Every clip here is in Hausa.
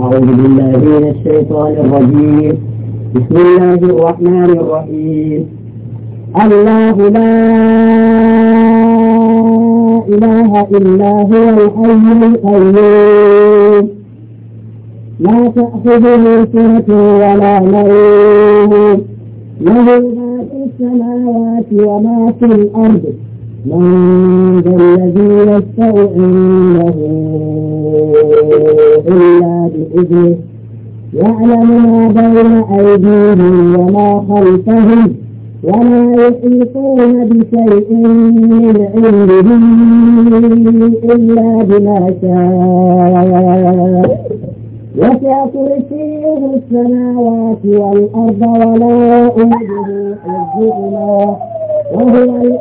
أعوذ بالله من الشيطان الرجيم بسم الله الرحمن الرحيم الله لا إله إلا هو الحي القيوم لا تأخذه سنة ولا نوم له ما في السماوات وما في الأرض من ذا الذي يشفع عنده إلا بإذنه يعلم ما بين أيديهم وما خلفهم وما يحيطون بشيء من علمه إلا بما شاء وسع كرسيه السماوات والأرض ولا يؤوده حفظهما وهو العلي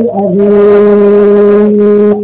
العظيم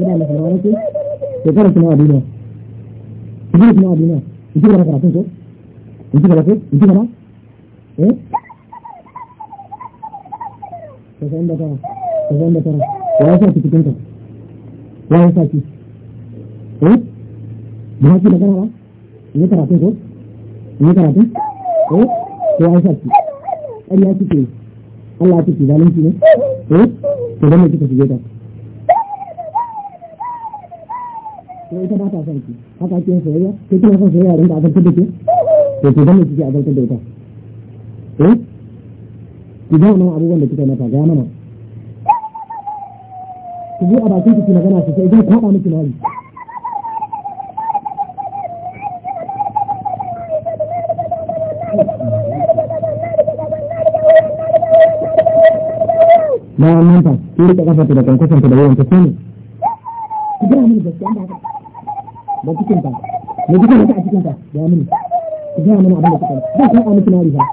yana da kalmar yake shekara kuma a duniya shekara kuma a duniya ci gaba karatun ko ci gaba ko in ci gaba eh da tara da tara ya sa cikin ka wa ya sa ki eh ba ki da ba karatun ko karatun eh sa ki Allah ya zalunci ne eh shige ta ko ita ba ta son ki haka ake soyayya ko kina son soyayya don ka azabtar da ke to ki zama kike azabtar da ita eh ki ga wannan abubuwan da kika mata ga mana ki bi a bakin ki magana ki sai zai kwaba miki nari na manta ki rika kafa da kankan da yawan ta sani ki ga mun gaskiya da da cikin ta ne cikin ta a cikin ta da mini ki ga mana abin da kike ba ki amince na riha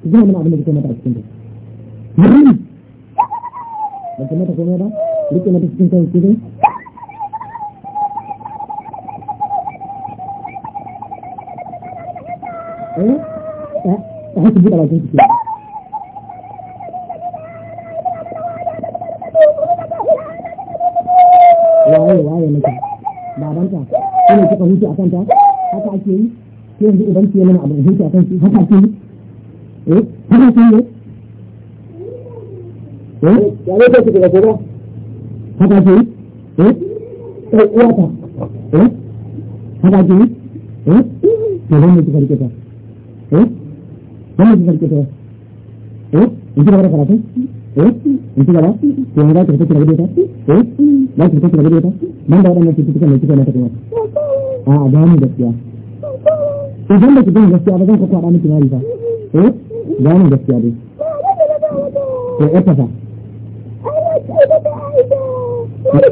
ki ga mana abin da kike mata a cikin ta ba ki mata komai ba rike mata cikin ta ki eh eh ta eh, haka buɗe bakin ki ka huce a kanta haka ake yi sai yanzu idan ke mana abu huce a kan haka ake yi eh haka ake yi eh ya ne kai daga gaba haka ake yi eh eh uwa ta eh haka ake yi eh to zan mutu karke ta eh zan mutu karke ta eh in ci gaba da karatu eh in ci gaba to yanzu za ta fita ki rabu da ita eh za ta fita ki rabu da ita nan da waɗannan cututtukan ne kika mata kuma a ga mu gaskiya idan ba ki gani gaskiya ba zan ka kwada miki mari fa eh ga gaskiya dai ko ita fa to me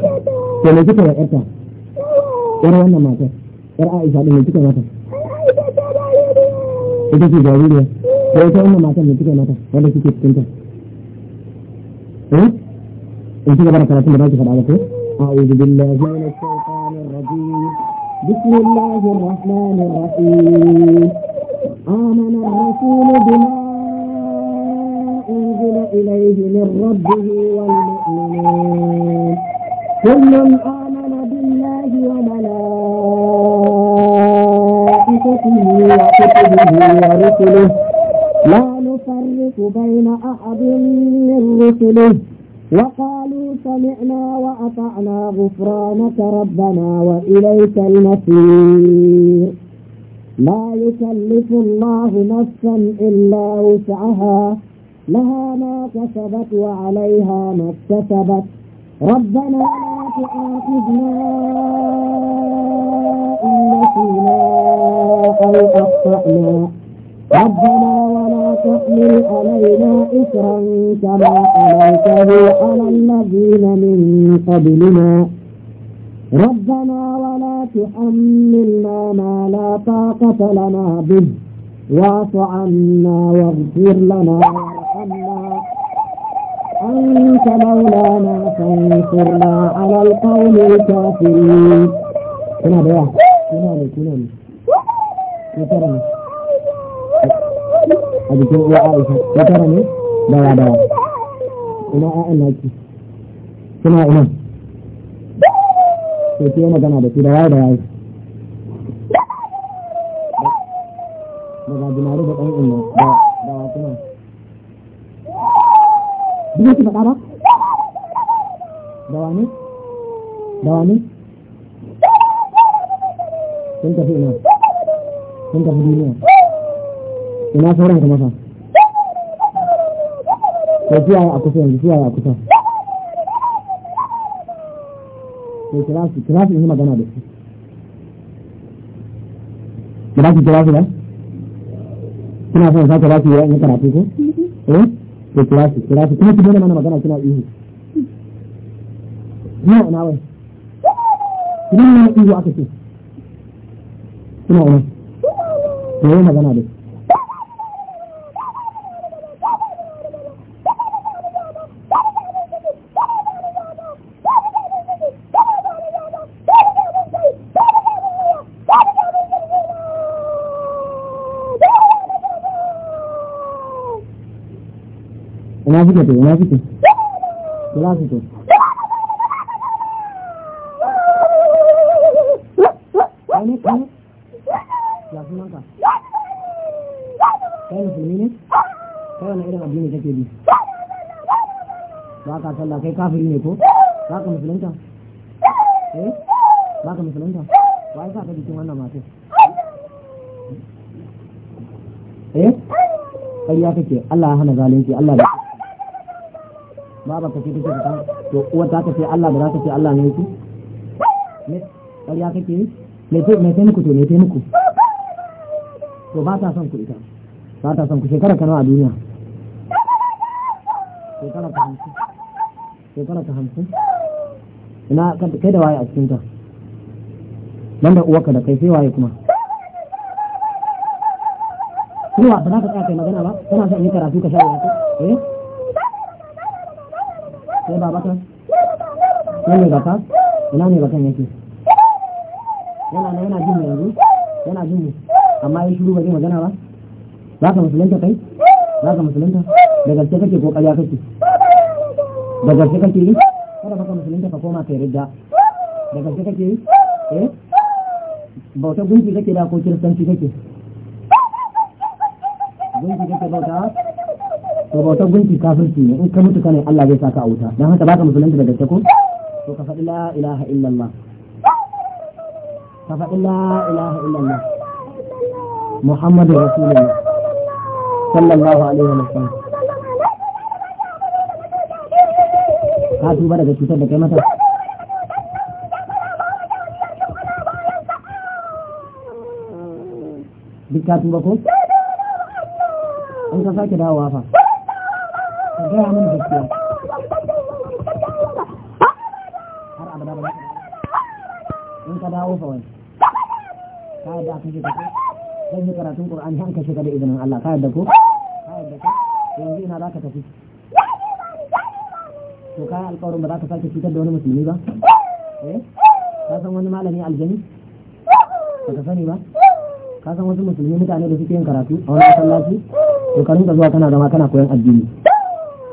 kika da ita yar wannan matar yar Aisha din me kika mata ita ce jaririya ko ita wannan matar me kika mata wanda kike cikin ta eh in kika bara karatun da zaki faɗa ba ko a'udhu billahi minash shaitanir بسم الله الرحمن الرحيم آمن الرسول بما أنزل إليه من ربه والمؤمنين كل آمن بالله وملائكته وكتبه ورسله لا نفرق بين أحد من رسله وقالوا سمعنا وأطعنا غفرانك ربنا وإليك المصير لا يكلف الله نفسا إلا وسعها لها ما كسبت وعليها ما اكتسبت ربنا لا تؤاخذنا إن نسينا أو أخطأنا ربنا ولا تحمل علينا إسرا كما أليته على الذين من قبلنا ربنا ولا تحملنا ما لا طاقة لنا به واعف عنا واغفر لنا وارحمنا أنت مولانا فانصرنا على القوم الكافرين كنا بيا كنا بيا كنا بيا jikin uwa aisha ya tara ne dawa dawa ina ƴaƴan naki suna ina to ke magana da su da waye da waye daga jimare da ɗan ina da dawa kuma duk ki faɗa ba dawa ne ne ina ina sauran kuma fa to kiyaye a kusa yanzu kiyaye a kusa to kira su kira su yi magana da su kira su kira ba kina son sake ba su yi karatu ko eh to kira su kira su kuma ki mana magana kina ihu ina ina wai idan na ihu aka ce kina wai to yi magana da su fito to ina fito ina fito ne ya ka kai musulmi ne kai wani irin kake bi ba ka sallah kai kafiri ne ko ba ka musulunta eh ba ka musulunta wa ya sa ka jikin wannan matar eh ya kake Allah ya hana zalunci Allah da baban ka ce take fita to uwar ta ce Allah ba za ta ce Allah ne yake ne ƙarya kake yi me ce me ce muku to me ce muku to ba ta son ku ita ba ta son ku shekara kana a duniya shekara ta hamsin shekara ta hamsin ina kai da waye a cikin ta nan da uwarka da kai sai waye kuma Kuma ba za ka tsaya kai magana ba, kana son yi karatu ka sha wani eh? sai ba bakan sai ne baka ina ne bakan yake yana na yana jin yanzu yana jin amma ya shiru ba zai magana ba za ka musulunta kai za ka musulunta da gaske kake ko ƙarya kake da gaske kake yi kada baka musulunta ka koma kai ridda da gaske kake yi eh bautar gunki kake da ko kiristanci kake gunki kake bauta to bautar gunki kafirci ne in ka mutu kana Allah zai saka a wuta don haka baka musulunci da gaske ko to ka faɗi la ilaha illallah ka faɗi la ilaha illallah muhammadu rasulullah sallallahu alaihi wa sallam ka tuba daga cutar da kai mata duk ka tuba ko in ka sake dawowa fa gaya mun gaskiya har abada ba in ka dawo fa wani ka yadda aka shiga ko zan yi karatun qur'ani har ka shiga da izinin Allah ka yadda ko ka yadda ka yanzu ina za ka tafi to kai alƙawarin ba za ka sake cutar da wani musulmi ba eh ka san wani malami aljani ba ka sani ba ka san wasu musulmi mutane da suke yin karatu a wani masallaci to ka rinka zuwa kana zama kana koyon addini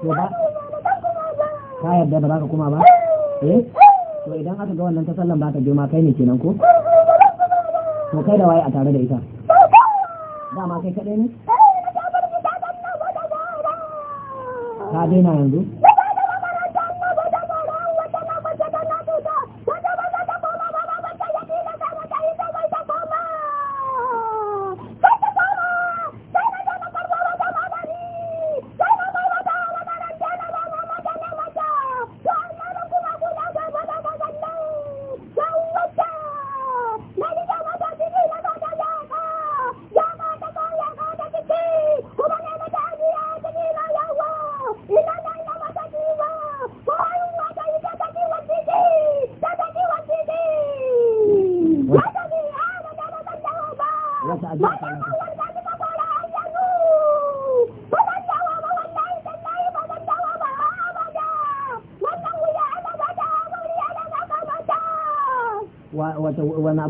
ka yarda ba za ka kuma ba eh to idan aka ga wannan ta sallan ba ta girma kai ne kenan ko to kai da waye a tare da ita dama kai kaɗai ne ka daina yanzu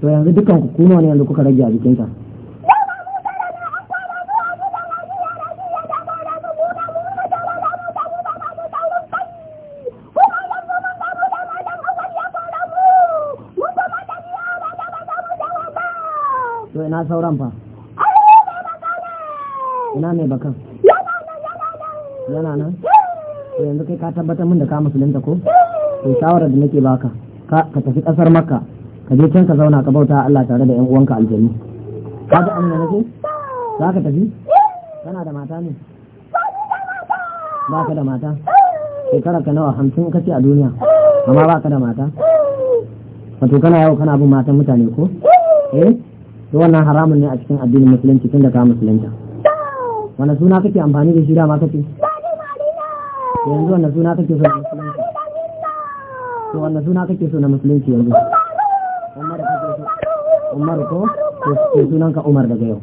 to yanzu dukan ku kuma ne yanzu kuka rage a jikinta to ina sauran fa ina ne bakan yana nan to yanzu kai ka tabbatar min da ka musulunta ko to shawarar da nake baka ka tafi kasar makka ka je can ka zauna ka bauta Allah tare da yan uwanka aljanu ka ga amina nake za ka tafi kana da mata ne ba ka da mata shekara ka nawa hamsin kace a duniya amma ba ka da mata wato kana yau kana bin matan mutane ko eh to wannan haramun ne a cikin addinin musulunci tun da ka musulunta wani suna kake amfani da shi dama kake yanzu wani suna kake so na musulunci to wani suna kake so na musulunci yanzu Umar ko ke sunan Umar daga yau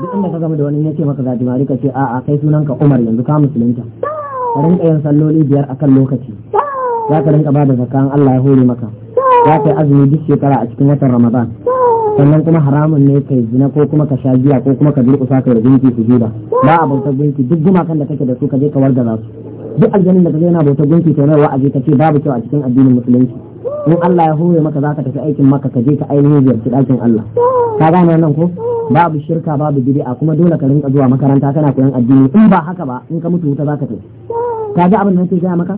duk inda ka gama da wani ne ke maka gajimari ka ce a'a kai sunan ka Umar yanzu ka musulunta ka rinka yin salloli biyar akan lokaci za ka rinka ba da zakan Allah ya hore maka za ka yi azumi duk shekara a cikin watan Ramadan sannan kuma haramun ne kai zina ko kuma ka sha giya ko kuma ka durƙusa ka da gunki su juda ba a bautar gunki duk gumakan da kake da su ka je ka za su duk aljanin da ka zai yana bautar gunki to nawa wa'azi ce babu kyau a cikin addinin musulunci in Allah ya hore maka za ka tafi aikin maka ka je ka ainihin ziyarci ɗakin Allah ka gane nan ko babu shirka babu bid'a kuma dole ka rinka zuwa makaranta kana koyon addini in ba haka ba in ka mutu wuta za ka tafi ka ji abin da nake gaya maka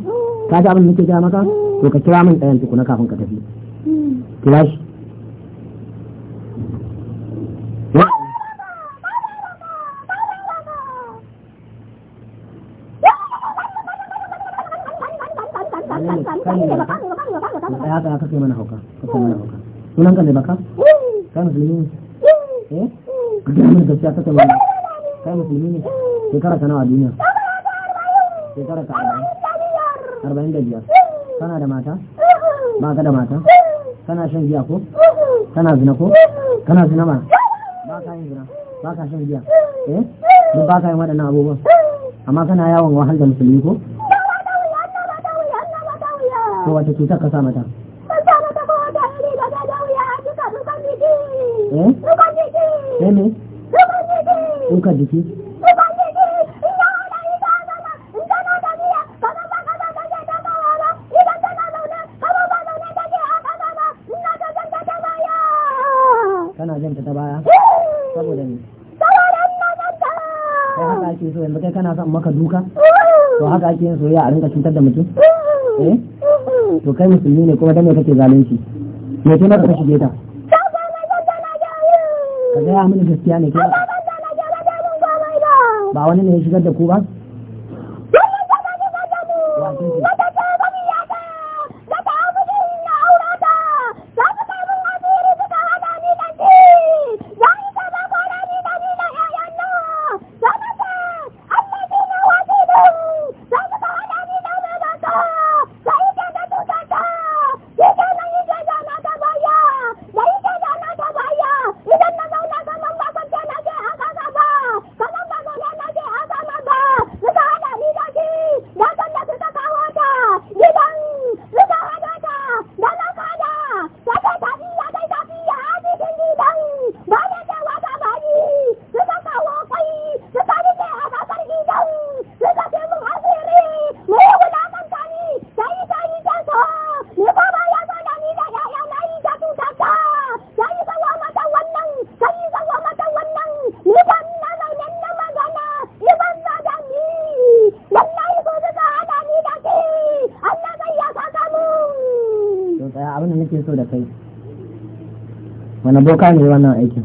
ka ji abin da nake gaya maka to ka kira min ɗayan tukuna kafin ka tafi kira shi ka kai mana hauka kai mana hauka sunan kan ne baka kai musulmi ne eh kai mun gaskiya ta mana kai musulmi ne kara ka nawa duniya kara ka arba'in da biyar kana da mata ba ka da mata kana shan giya ko kana zina ko kana zina ma ba ka yin zina ba ka shan giya eh ba ka yin waɗannan abubuwan amma kana yawon wahal da musulmi ko ko wata cutar ka sa mata eh ne duka kana jin ta baya saboda ne kai haka ake so yanzu kai kana son maka duka to haka ake yin soyayya a rinka cutar da mutum eh to kai musulmi ne kuma dan me kake zalunci me kai maka ka shige ta ka gaya mini gaskiya ne ke? ba wani ne ya shigar da ku ba boka ne wannan aikin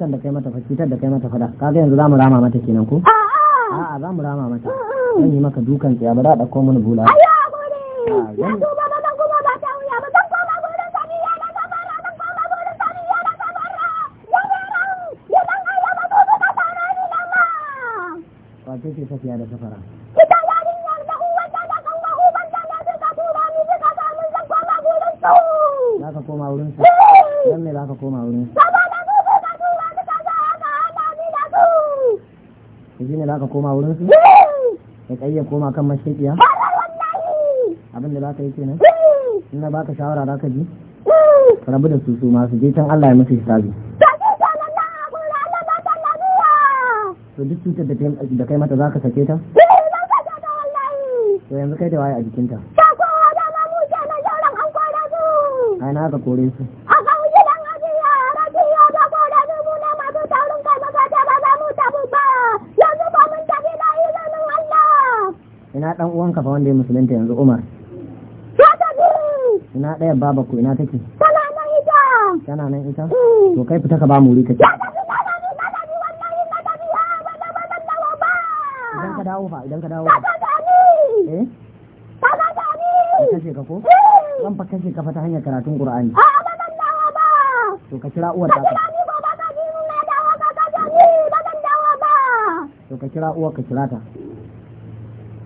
cutar da kai mata fa cutar da kai mata fada kaga yanzu zamu rama mata kenan ko a'a zamu rama mata zan yi maka dukan tsaya ba da dauko mun bula kan mashaƙiya abin da za ka yi kenan ina baka shawara za ka ji rabu da su su masu je can Allah ya musu hisabi to duk cutar da kai mata za ka sake ta to yanzu kai da waye a jikinta ai na ka kore su ina dan uwanka fa wanda ya musulunta yanzu Umar ina ɗaya baba ku ina take tana nan ita tana nan ita mm. to kai fita ka ba mu rika idan ka dawo fa idan ka dawo eh ce ka ko mm. zan fa kashe ka fa ta hanyar karatun Qur'ani to ka kira uwar ta to ka kira uwar ka kira ta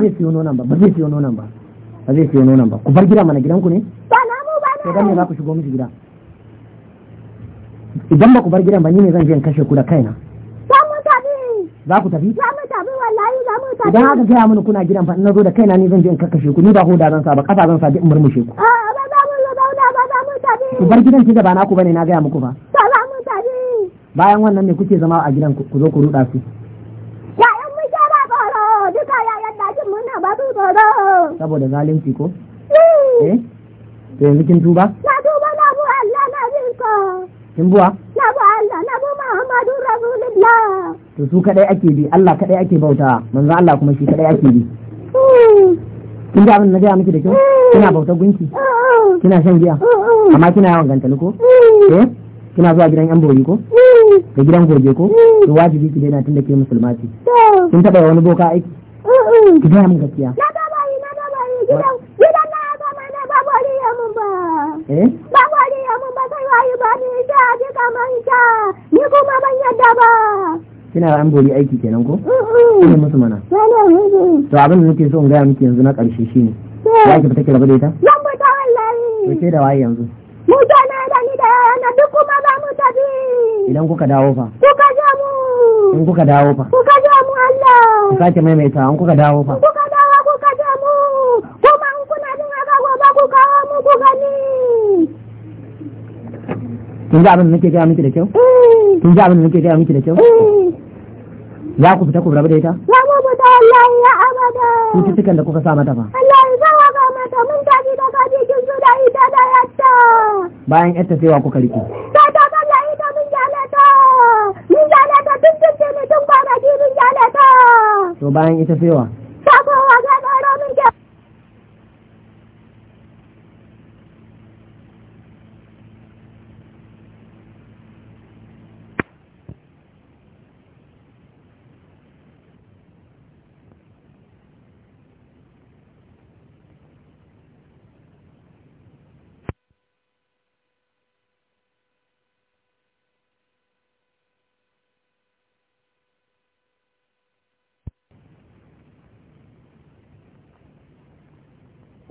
zai siyo nonon ba ba zai siyo nonon ba ba zai siyo nonon ba ku bar gida mana gidanku ne ba na mu ba na dan ne za ku shigo mishi gida idan ba ku bar gidan ba ni ne zan je in kashe ku da kaina za mu tafi za ku tafi za mu tafi wallahi za mu tafi idan aka gaya mini kuna gidan fa in zo da kaina ni zan je in kakkashe ku ni ba hoda zan sa ba kasa zan sa in murmushe ku ba za mu zauna ba za mu tafi ku bar gidan ki da ba naku bane na gaya muku ba za mu tafi bayan wannan me kuke zama a gidan ku zo ku ruda su saboda zalunci ko eh to yanzu kin tuba na tuba na bu Allah na jin ko kin buwa na bu Allah na bu Muhammadu Rasulullah to su kadai ake bi Allah kadai ake bautawa manzo Allah kuma shi kadai ake bi kin ga abin na gaya miki da kyau kina bautar gunki kina shan giya amma kina yawan gantali ko eh kina zuwa gidan yan boye ko da gidan gobe ko to wajibi ki daina tun da ke musulma ce kin taba wani boka aiki ki gaya min gaskiya Idan na gama ne ba eh? wayi ba ni kamar ta ni kina an bori aiki kenan ko ne musu mana to abin da nake so in gaya miki yanzu na karshe shine ya eh. ki fita rabu da ita zan wallahi ke da waye yanzu mutane da ni da yana duk kuma ba mu tafi idan kuka dawo fa kuka je mu in dawo fa kuka je mu Allah Ka ce maimaita an kuka dawo fa kin ga abin da nake gaya miki da kyau kin ga abin da nake gaya miki da kyau za ku fita ku rabu da ita ya mu fita wallahi ya abada cututtukan da kuka sa mata ba wallahi za wa ga mata mun tafi da kaji kin zo da ita da yatta bayan yatta sai wa kuka riki. ta ta kalla ita mun jale ta mun jale ta tun tun tun kwanaki mun jale ta to bayan ita sai wa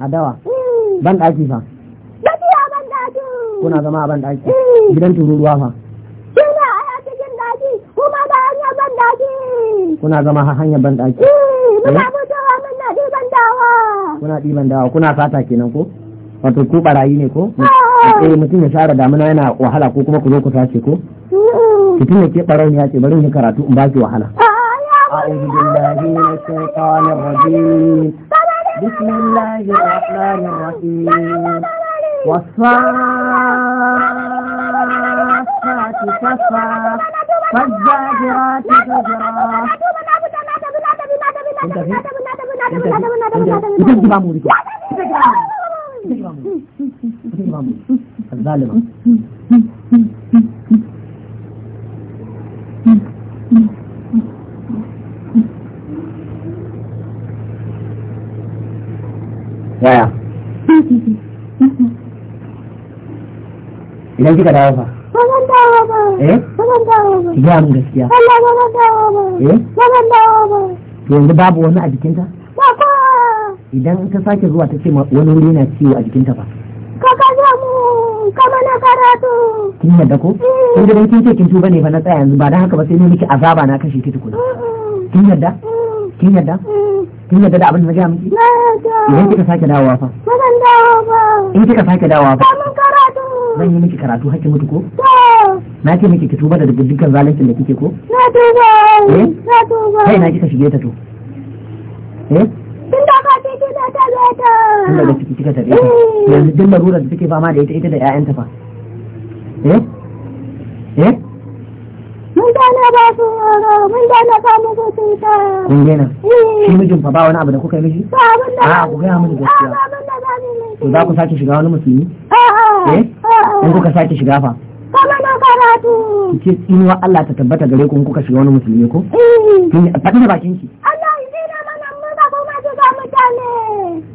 Hmm. a dawa ban daki fa gaskiya ban daki kuna zama a ban daki hmm. gidan ruwa fa kuna a cikin daki, kuma ba hanyar ban daki kuna zama a hanyar ban ɗaki hmm, muna eh? mun na ɗiban dawa kuna ɗiban dawa kuna fata kenan ko wato ku barayi ne ko ah. eh mutum ya share damuna yana wahala ko kuma ku zo ku sace ko ki tuna ke barau ne ya ce bari ni karatu in baki wahala أعوذ بالله من الشيطان الرجيم بسم الله الرحمن الرحيم والصافات صفا فالزاجرات زجرا انت في انت في انت في انت في الظالمه yaya idan kika dawo fa Baban dawo ba. Eh? mun gaskiya. Allah baban dawo ba. Eh? dawo ba. To yanzu babu wani a jikinta? Ba Idan ta sake zuwa ta ce wani wuri na ciwo a jikinta ba. Ka ka mu kama na karatu. Kin yadda ko? Kin ga kin ce kin tuba ne fa na tsaya yanzu ba dan haka ba sai ne miki azaba na kashe ki tukuna. Kin yadda? Kin yadda? kin yadda da abin da na gaya miki idan kika sake dawowa fa ba zan dawo ba in kika sake dawowa fa mun karatu zan yi miki karatu hakki mutu ko na ce miki ki tuba da dukkan zalincin da kike ko na tuba eh? na tuba kai na kika shige ta to eh tun da ka ce da ta ga ta tun da kike kika tabe ta yanzu duk larurar da take fama da ita ita da ƴaƴanta fa eh eh mun gane ba su mun gane ba mu ko sai ta kun gane eh. shi mijin fa ba wani abu da kuka yi mishi a ku gaya mini gaskiya to za ku sake shiga wani musulmi eh in kuka sake shiga fa kama na karatu in wa Allah ta tabbata gare ku in kuka shiga wani musulmi ko eh. kin faɗi da bakin ki Allah ya dina mana mun ba kuma shiga mutane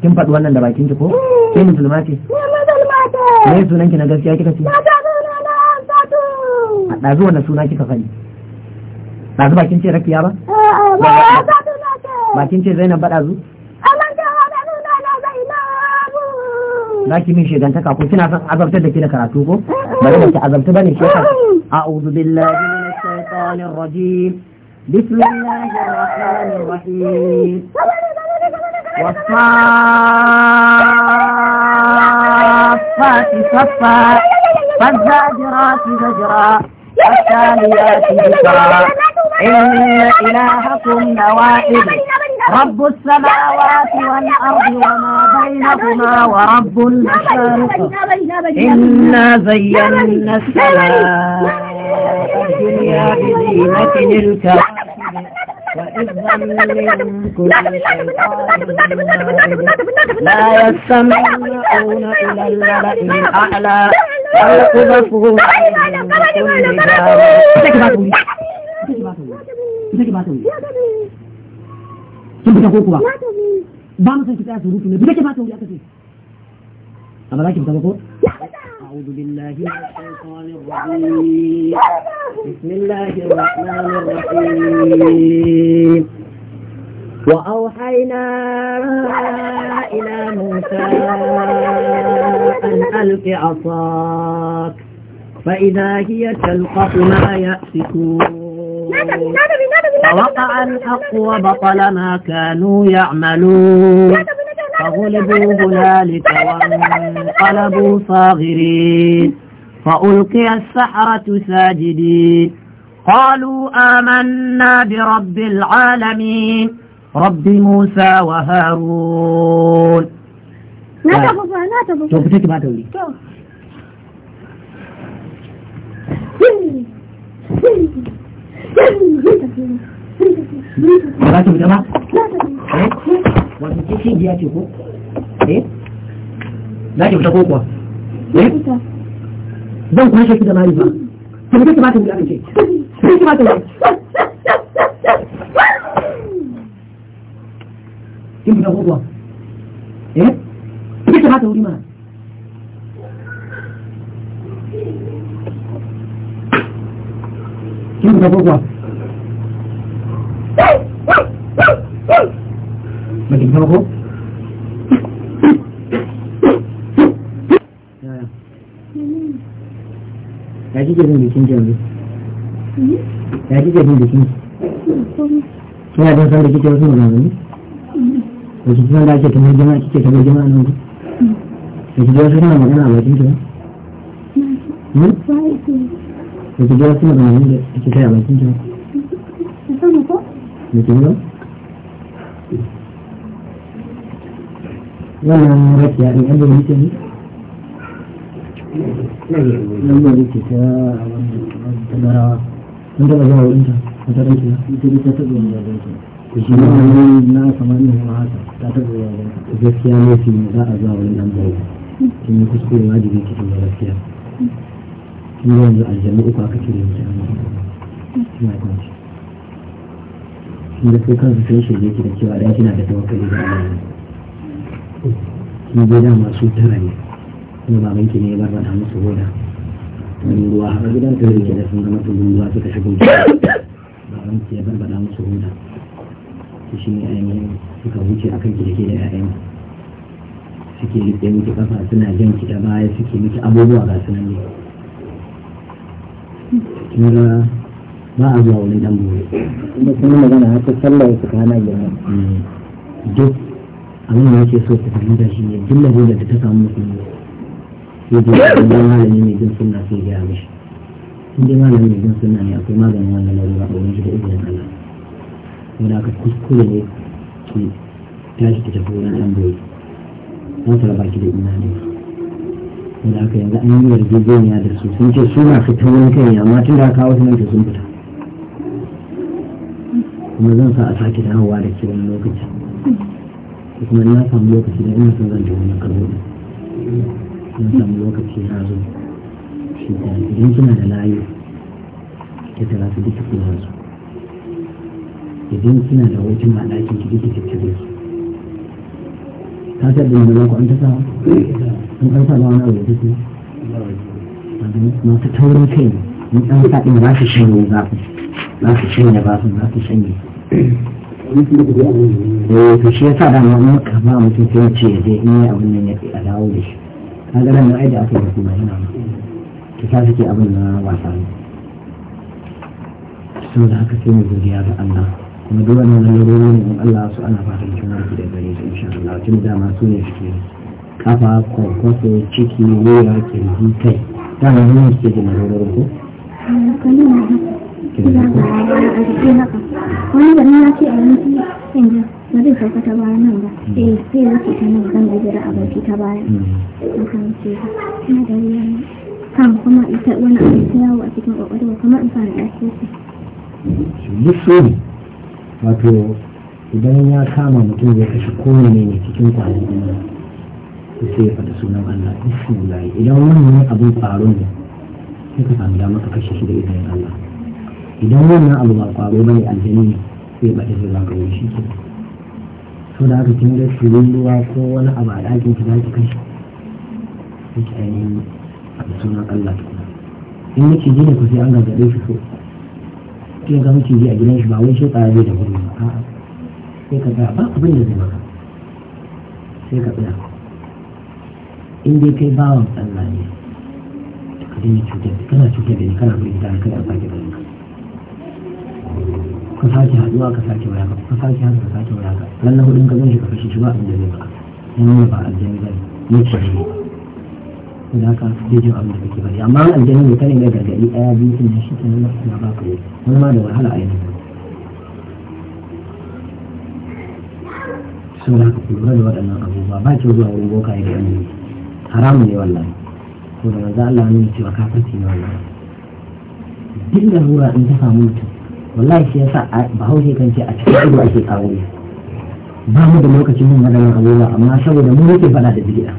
kin faɗi wannan da bakin ki ko sai eh. musulma ce ni musulma ce me sunan ki na gaskiya kika ce Allah ɗazu wannan suna kika sani ɗazu bakin ce rakiya ba bakin ce zainab ba ɗazu za ki min shegantaka ko kina son azabtar da ke da karatu ko bari da ki azabta bane shi ka a'udhu billahi minash shaitanir rajim bismillahir rahmanir rahim والصافات صفا فالزاجرات زجرا التاليات ذكرا إن إلهكم لواحد رب السماوات والأرض وما بينهما ورب المشارق إنا زينا السماء الدنيا بزينة الكافر وإذا لا يستمعون إلى الملأ الأعلى ويقذفون kulle dama take ba ta ba ba fita ko kuwa san fita ko أعوذ بالله من الشيطان الرجيم بسم الله الرحمن الرحيم وأوحينا إلى موسى أن ألق عصاك فإذا هي تلقف ما يأفكون فوقع الحق وبطل ما كانوا يعملون فغلبوا هنالك وانقلبوا صاغرين فألقي السحرة ساجدين قالوا آمنا برب العالمين رب موسى وهارون لا tafi لا na tafi to ba za ta fita ba eh? wato ce shi biya ce ko eh za ta fita ko kuwa eh zan kwashe ki da mari ba ta fita ki ba ta biya ce ba ta biya kin fita ko kuwa eh ki ba ta wuri mana su ga kwakwa bakin farko ya kike jin jikin yanzu ya kike jin kina jin san da kike wasu kike san da jama'a kike jama'a nan kike wasu magana a da ki wasu maganganun da ake kai a bakin ki ba. Da ki ba? Wannan rakiya ɗin an zama ne? Nan ba da ke ta tabarawa. Mun taɓa zuwa wurinta a taron ki Ita ta taɓa wani zagon Ku shi ma wani na samanin ma haka ta taɓa wani zagon Gaskiya ne fi za a zuwa wurin ɗan zagon. Kin kuskure wajibi ki ta gaskiya. ni yanzu aljanna uku aka cire mu ina kwanci shi da kai kansu sai shirye ki da cewa ɗaya kina da tawakkali da Allah kin je da masu tara ne kuma baban ki ne ya barbada musu hoda. wani ruwa haka gidan ta rike da sun zama tudun ruwa suka shigo baban ki ya barbada musu hoda. goda shi ne ainihin suka wuce akan ki da ke da 'ya'yan suke liƙe miki kafa suna jan ki da baya suke miki abubuwa ga sunan ne kuma ba a zuwa wani dan gobe da kuma magana haka sallar su na girma mm. duk abin da yake so ku fahimta shi ne duk da ta samu musulmi sai dai wani malami mai jin sunna sai gaya mishi in dai malami mai jin sunna ne akwai maganin wannan a wurin shi da izinin Allah aka kuskure ne ki tashi ki tafi wurin dan gobe don da imani da aka yanzu an yi yarjejeniya da su sun ce suna fita wani kai amma tun da kawo nan ta sun fita kuma zan sa a sake dawowa da ke wani lokaci kuma na samu lokaci da ina son zan ta wani karbo na samu lokaci na zo shi da idan suna da layu ta tara su duka kuna su idan suna da wajen ma ɗakin ki duka tattare su ta ce da yanzu ku an ta sa an ɗan sa ba wani abu da take masu taurin kai ne. in ɗan sa ɗin za su shanye za su za su shanye ba su za su shanye eh to shi yasa da mu ka ba mutum sai ce ya je in yi abin nan ya fi alawo da shi ka ga nan ai da aka yi kuma yana ki sa suke abin na wasa ne saboda haka sai mu godiya ga Allah kuma duk wannan ne in Allah su ana fatan cin warki da gare su insha Allah tun dama su ne suke kafa kwankwaso ciki wuya kirji kai dama ne suke da zangarorin ko wani da na ce a yanzu inda na zai sauka ta baya nan ba eh sai ya ta nan zan gajira a baki ta baya kan ce na da wuya kan kuma ita wani abin ta yawo a cikin kwakwalwa kamar in fara ɗaki duk ne wato idan ya kama mutum zai kashe kowane ne cikin kwanakin nan sai ya fata sunan Allah bismillah idan wannan abin faru ne sai ka samu damar ka kashe shi da idan Allah idan wannan abu ba faru ne aljini ne sai ba ta za ka yi shi ke so da haka kin ga shirin ruwa ko wani abu a ɗakin ki zaki kashe sai ki ainihin faɗi sunan Allah in nake gina ku sai an gargaɗe shi so mutum ga miciji a gidan shi ba wai shi tsara da wuri ba a'a sai ka tsaya ba abin da zai maka sai ka tsaya in dai kai bawan Allah ne ka dinga cutar kana cutar da ni kana bin ta kada ka sake ganin ka sake haduwa ka sake waya ka sake haduwa ka sake waya ka lalla hudun ka zan shi ka fashe shi ba abin da zai maka yana ba aljanna ne ce ne da haka daidai abin da kake bari amma aljanna ne kanin da gargaɗi ɗaya biyu sun shi ta nan na ba ka yi wani ma da wahala a yanzu sau da haka ku lura da waɗannan abubuwa ba ki zuwa wurin boka da yanzu haramu ne wallahi ko da manzo Allah ne cewa kafirci ne wallahi duk da rura in ta samu mutum wallahi shi yasa bahaushe kan ce a cikin ido ake kawo ba mu da lokacin mun maganar abubuwa amma saboda mu yake faɗa da bid'a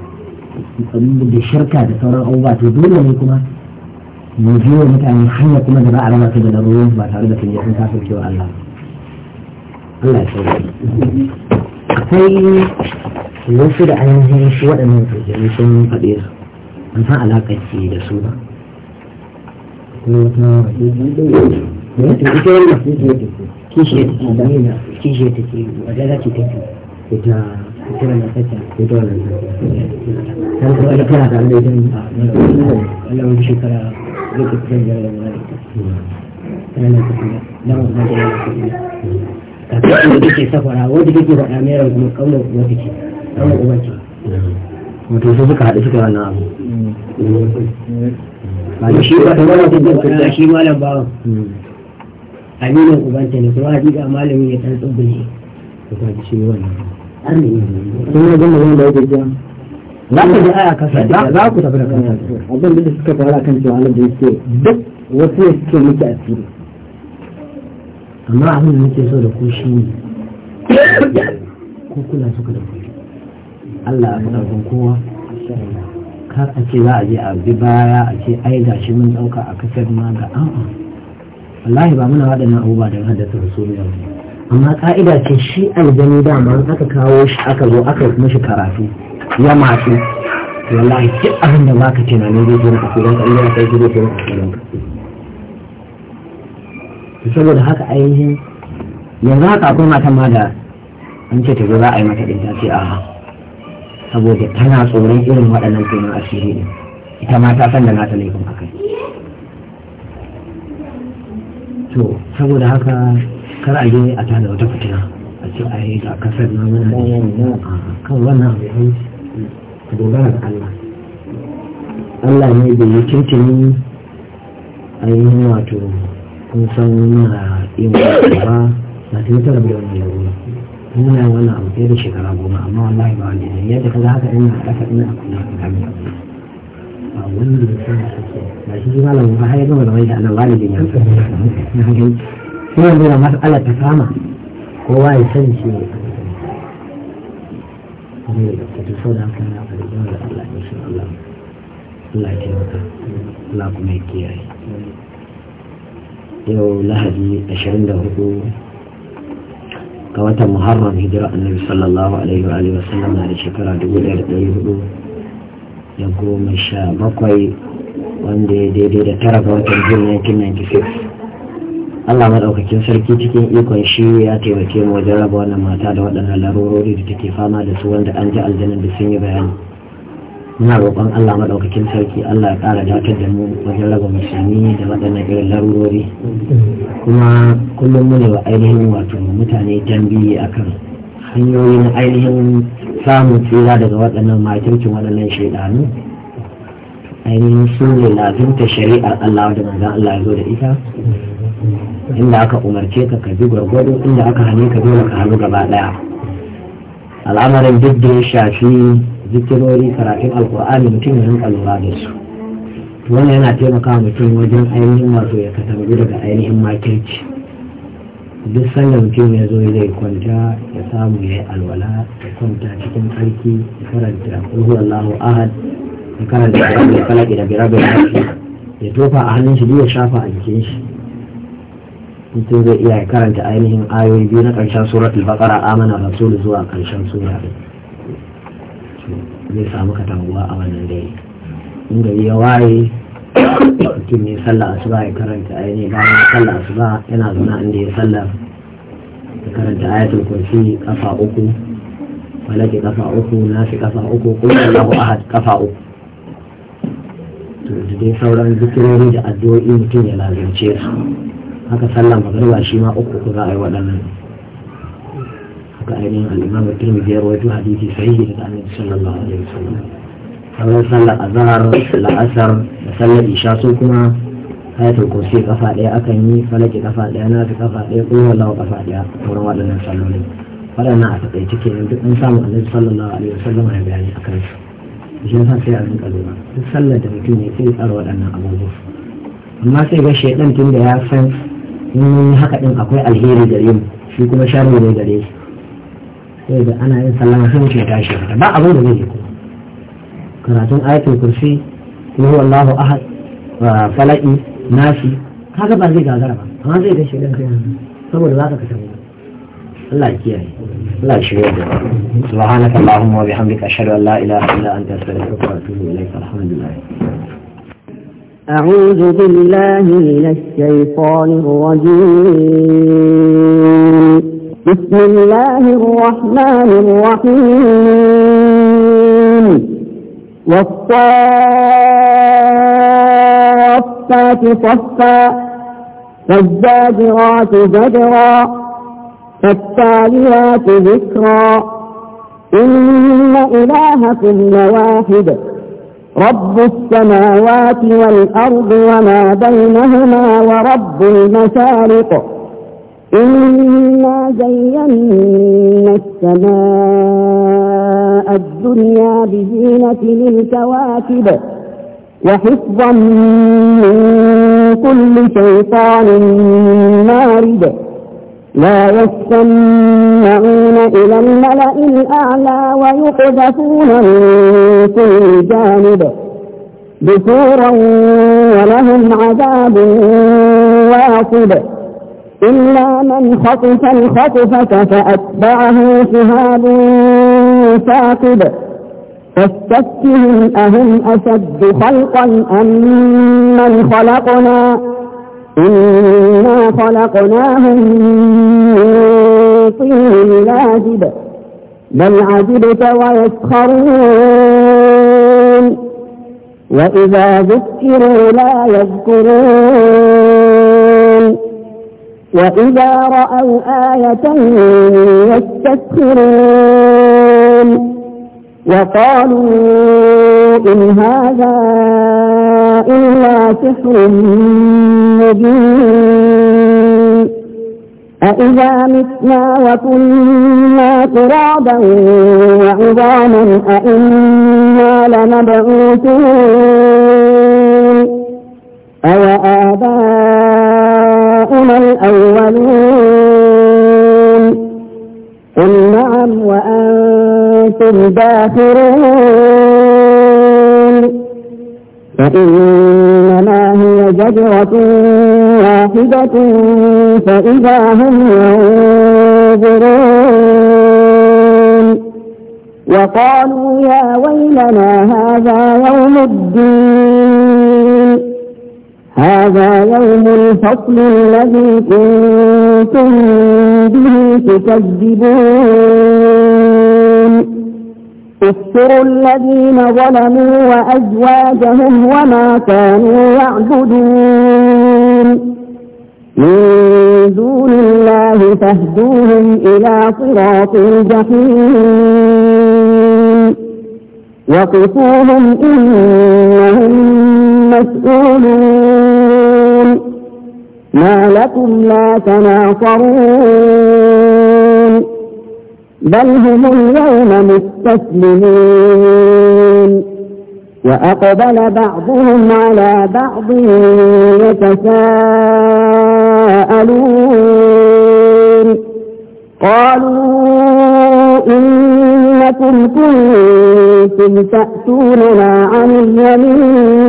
da shirka da sauran abubuwa to dole ne kuma mu je wa mutane hanya kuma da ba a raba su da larurin ba tare da sun je sun kasa cewa Allah Allah ya sauke akwai wasu da ainihin shi waɗannan tsirgin sun faɗe su an san alaƙa ce da su ba kishiyar take kishiyar take wadda za ce take ita kira na sake kuma ina kana da Allah idan Allah wani ka fitan yara da na tafiya da tafiya safara faɗa kuma wannan abu ba shi kuma malamin ya san tsubbin sun ga magana da yake cewa za ku ji aya kasa za ku tafi da kasa abin da suka fara kan cewa Allah da yake duk wasu ya suke miki asiri amma abin da nake so da ku shi ne ko kula suka da ku Allah a faɗa kowa kar a ce za a je a bi baya a ce ai gashi mun ɗauka a kasar ma ga a'a wallahi ba muna waɗannan abubuwa da haddasa rasuliyar mu amma ka'ida ce shi aljani dama aka kawo shi aka zo aka mashi karatu ya masu wallahi duk abin da ba ka tunanin zai zo na kudin ka ina sai zai zo na kudin ka saboda haka ainihin yanzu haka akwai matan ma da an ce ta zo za a yi mata din ta ce a saboda tana tsoron irin waɗannan kuma asiri ne ita ma ta san da nata laifin akai to saboda haka kar a je a tada wata fitina a ce a yi ga kasar na muna da kan wannan abu yanzu a dogara da Allah Allah ne da a yi ainihin wato kun san muna yin wasu ba na tuntar da wannan yaro nuna yi wannan abu fiye da shekara goma amma wallahi ba wani ne yadda kaza haka ina ƙasa ina a kuma a gami a wannan da suna shi ba shi malamin ba har ya gama da wani da ana walidin yanzu suna nuna mas'alar ta kama kowa ya san shi ne da da haka kuma ya yau lahadi ga watan muharram hijira annabi sallallahu alaihi wa alihi na da shekara 1400 da goma sha bakwai wanda ya daidai da tara ga watan jun 1996 Allah maɗaukakin sarki cikin ikon shi ya taimake mu wajen raba wannan mata da waɗannan larurori da take fama da su wanda an ji aljanin da sun yi bayani muna roƙon Allah maɗaukakin sarki Allah ya ƙara datar da mu wajen raba musulmi da waɗannan irin larurori kuma kullum mune wa ainihin wato mutane a akan hanyoyin ainihin samun tsira daga waɗannan makircin waɗannan shaidanu ainihin su ne lafinta shari'ar Allah da manzan Allah ya zo da ita inda aka umarce ka ka bi gwargwado inda aka hane ka dole ka hannu gaba daya al'amarin duk da ya shafi zikirori karatun alkur'ani mutum ya rinka lura da su wannan yana taimakawa mutum wajen ainihin wato ya katangu daga ainihin makirci duk sanda mutum ya zo zai kwanta ya samu ya yi alwala ya kwanta cikin tsarki ya karanta ruhu allahu ahad ya karanta ya falaki da birabe ya tofa a hannun shi duk ya shafa a jikin shi mutum zai iya karanta ainihin ayoyi biyu na ƙarshen surat al-baqara amana rasul zuwa ƙarshen sura zai samu katanguwa a wannan dai in ya waye mutum ne sallah asuba ya karanta ainihin bayan sallah asuba yana zauna inda ya sallah ya karanta ayatul kursi kafa uku walake kafa uku nasi kafa uku kullu allahu ahad kafa uku to da dai sauran zikirori da addu'o'i mutum ya lazance su haka sallan magariba shi ma uku ku za a yi waɗannan haka ainihin al'imamu turmidi ya rawaito hadisi sahihi daga annabi sallallahu alaihi wasallam sauran sallar azhar la'asar da sallar isha su kuma ayatul kursi kafa ɗaya akan yi falaki kafa ɗaya nafi kafa ɗaya ko wallawa kafa ɗaya sauran waɗannan sallolin waɗannan a taƙaice kenan duk an samu annabi sallallahu alaihi wasallam ya bayani a su shi yasa sai a rinka lura duk sallar da mutum ne sai tsara waɗannan abubuwa amma sai ga shaidan tun da ya san in haka din akwai alheri gare mu shi kuma sharri ne gare shi sai da ana yin sallama sun ce ya tashi fita ba abin da zai yi karatun ayatul kursi ko wallahu ahad wa falai nasi kaga ba zai gagara ba amma zai ga shi dan kai saboda zaka kasance Allah ya kiyaye Allah ya shirya da allahumma wa bihamdika ashhadu an la ilaha illa anta astaghfiruka wa atubu ilaik alhamdulillah أعوذ بالله من الشيطان الرجيم بسم الله الرحمن الرحيم والصافات صفا فالزاجرات زجرا فالتاليات ذكرا إن إلهكم لواحد رب السماوات والأرض وما بينهما ورب المشارق إنا زينا السماء الدنيا بزينة للكواكب وحفظا من كل شيطان مارد لا يستمعون إلى الملأ الأعلى ويقذفون من كل جانب دثورا ولهم عذاب واصب إلا من خطف الخطفة فأتبعه شهاب ثاقب فاستفتهم أهم أشد خلقا أم من خلقنا إنا خلقناهم من طين لازب بل عجبت ويسخرون وإذا ذكروا لا يذكرون وإذا رأوا آية يستسخرون وقالوا إن هذا إلا سحر مبين أإذا متنا وكنا ترابا وعظاما أإنا لمبعوثون أو آباؤنا الأولون قل نعم وآباؤنا أنتم داخرون فإنما هي زجرة واحدة فإذا هم ينظرون وقالوا يا ويلنا هذا يوم الدين هذا يوم الفصل الذي كنتم به تكذبون اذكروا الذين ظلموا وأزواجهم وما كانوا يعبدون من دون الله فاهدوهم إلى صراط الجحيم وقفوهم إنهم مسؤولون ما لكم لا تناصرون بل هم اليوم مستسلمون وأقبل بعضهم على بعض يتساءلون قالوا إنكم كنتم تأتوننا عن اليمين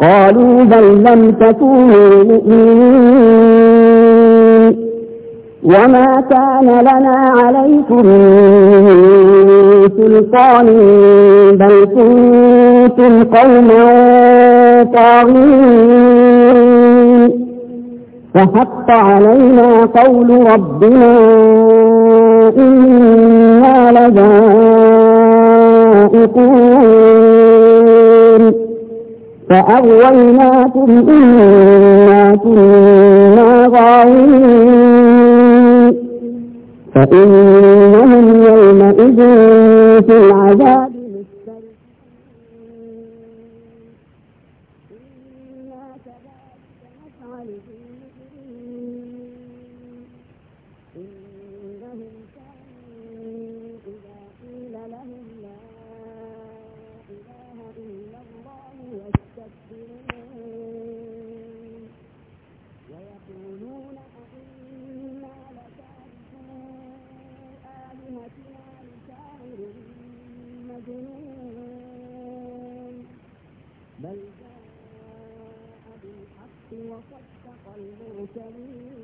قالوا بل لم تكونوا مؤمنين وما كان لنا عليكم من سلطان بل كنتم قوما طاغين فحق علينا قول ربنا إنا لذائقون فأغويناكم إنا كنا غاوين فإنهم يومئذ في العذاب جميعا